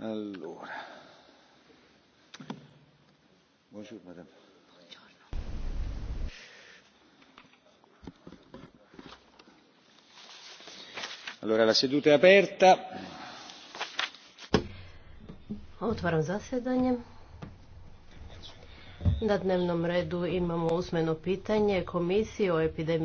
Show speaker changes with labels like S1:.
S1: Allora.
S2: Buongiorno, madame. Buongiorno.
S3: Allora, la seduta è aperta.
S4: Otvaram zasjedanje.
S5: Na dnevnom redu imamo usmeno pitanje
S6: komisije o epidemiji